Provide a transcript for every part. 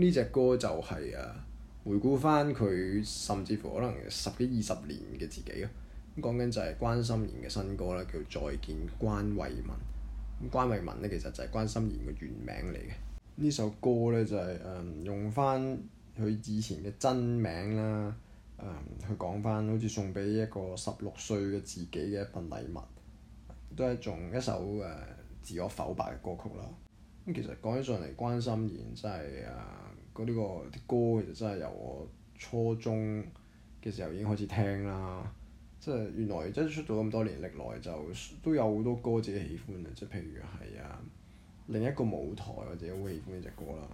呢隻歌就係、是、誒回顧返佢甚至乎可能十幾二十年嘅自己咯。咁講緊就係關心妍嘅新歌咧，叫《再見關惠文》。咁關惠文咧其實就係關心妍嘅原名嚟嘅。呢首歌咧就係、是、誒、嗯、用返佢以前嘅真名啦，誒、嗯、去講返好似送俾一個十六歲嘅自己嘅一份禮物，都係一一首誒、嗯、自我剖白嘅歌曲咯。咁其實講起上嚟，關心妍真係啊！嗰、那、呢個啲、那個、歌其實真係由我初中嘅時候已經開始聽啦。即係原來即係出到咁多年，歷來就都有好多歌自己喜歡嘅，即係譬如係啊另一個舞台，我自己好喜歡呢隻歌啦。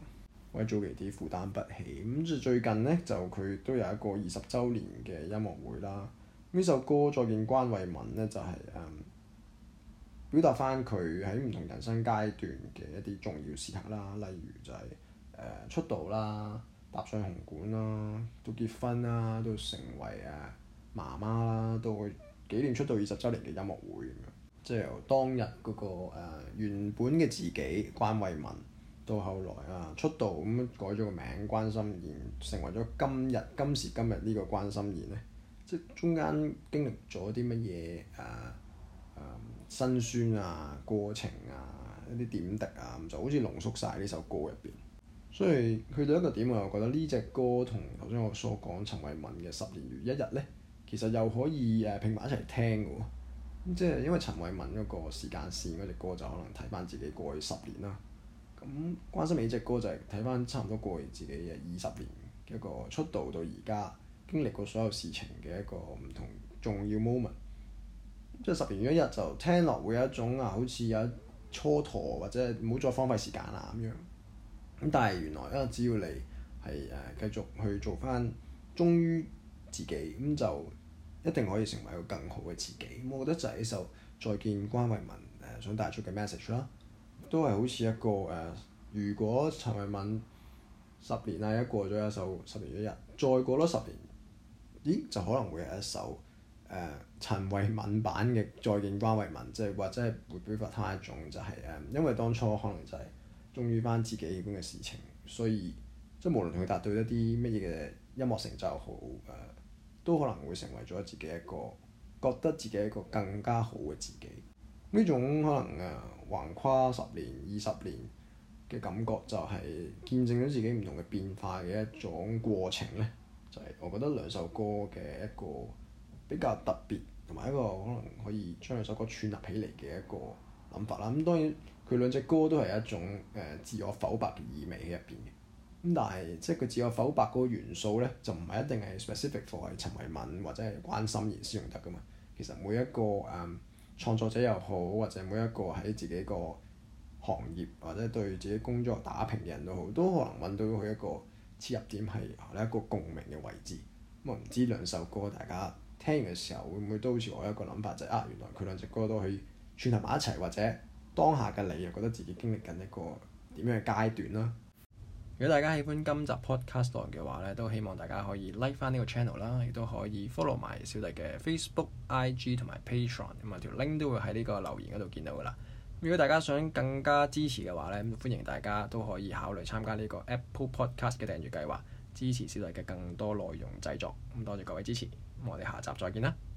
或者 早期啲負擔不起，咁最近呢，就佢都有一個二十週年嘅音樂會啦。呢首歌《再見關惠文》呢，就係、是、誒。嗯表達翻佢喺唔同人生階段嘅一啲重要時刻啦，例如就係、是、誒、呃、出道啦、搭上紅館啦、到結婚啦、都成為誒媽媽啦，到紀念出道二十週年嘅音樂會，即係由當日嗰、那個、呃、原本嘅自己關惠文，到後來啊、呃、出道咁改咗個名關心妍，成為咗今日今時今日呢個關心妍咧，即中間經歷咗啲乜嘢誒辛酸啊、過程啊、一啲點滴啊，就好似濃縮晒呢首歌入邊。所以去到一個點，我又覺得呢隻歌同頭先我所講陳慧敏嘅《十年如一日》呢，其實又可以誒拼埋一齊聽嘅喎。即係因為陳慧敏嗰個時間線嗰隻歌就可能睇返自己過去十年啦。咁關心妍隻歌就係睇返差唔多過去自己嘅二十年一個出道到而家經歷過所有事情嘅一個唔同重要 moment。即係十年如一日就聽落會有一種啊，好似有蹉跎或者唔好再荒廢時間啦咁樣。咁但係原來啊，只要你係誒、啊、繼續去做翻忠於自己，咁、嗯、就一定可以成為一個更好嘅自己、嗯。我覺得就係呢首《再見關惠文》誒、啊、想帶出嘅 message 啦，都係好似一個誒、啊，如果陳慧敏十年啊一過咗一首十年如一日，再過多十年，咦就可能會有一首。誒、呃、陳慧敏版嘅《再見關惠文》，即係或者係會表達他一種就係、是、誒，因為當初可能就係忠於翻自己咁嘅事情，所以即係無論佢達到一啲乜嘢嘅音樂成就好誒、呃，都可能會成為咗自己一個覺得自己一個更加好嘅自己呢種可能誒、啊、橫跨十年二十年嘅感覺，就係見證咗自己唔同嘅變化嘅一種過程咧。就係、是、我覺得兩首歌嘅一個。比較特別同埋一個可能可以將兩首歌串立起嚟嘅一個諗法啦。咁當然佢兩隻歌都係一種誒自我剖白嘅意味喺入邊嘅。咁但係即係佢自我剖白個元素咧，就唔係一定係 specific for 係陳慧敏或者係關心妍先用得㗎嘛。其實每一個誒、um, 創作者又好，或者每一個喺自己個行業或者對自己工作打拼嘅人都好，都可能揾到佢一個切入點係一個共鳴嘅位置。咁啊，唔知兩首歌大家～聽完嘅時候，會唔會都好似我一個諗法、就是，就係啊，原來佢兩隻歌都可以串合埋一齊，或者當下嘅你又覺得自己經歷緊一個點樣嘅階段啦。如果大家喜歡今集 podcast 嘅話咧，都希望大家可以 like 翻呢個 channel 啦，亦都可以 follow 埋小弟嘅 Facebook、IG 同埋 Patreon，咁啊條 link 都會喺呢個留言嗰度見到噶啦。如果大家想更加支持嘅話咧，咁歡迎大家都可以考慮參加呢個 Apple Podcast 嘅訂閱計劃，支持小弟嘅更多內容製作。咁多謝各位支持。我哋下集再見啦～